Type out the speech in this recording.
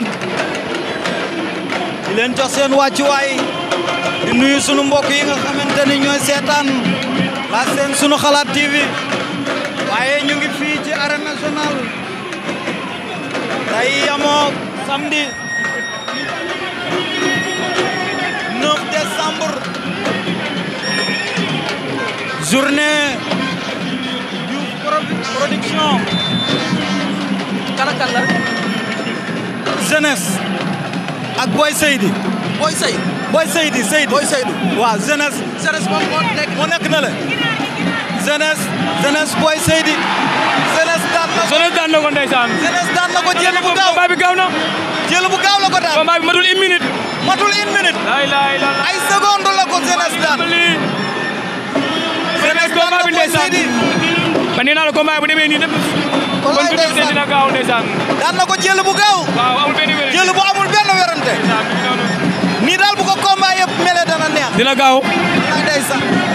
ñëwaat di leen jox seen di nuyu sunu mbokk yi nga xamante ni ñooy seetaan la sunu xalaat TV waaye ñu ngi fii ci arène nationale tey yamoo samedi 9 décembre journée Diouf production jeunesse ak Boy Seydi. Boy Seydi. Boy Seydi Seydi. Boy Seydi waaw Seydi. jeunesse daan na ko jeunesse daan daan na ko jël gaaw combat gaaw na. jël bu gaaw la ko daan. combat bi matul une minute. matul une minute. ay seconde la ko jeunesse daan. jeunesse daan na Boy kon tuuti dina gaaw ndeysaan bu gaaw waaw bu amul benn wérante nii daal bu ko combat yëpp neex dina gaaw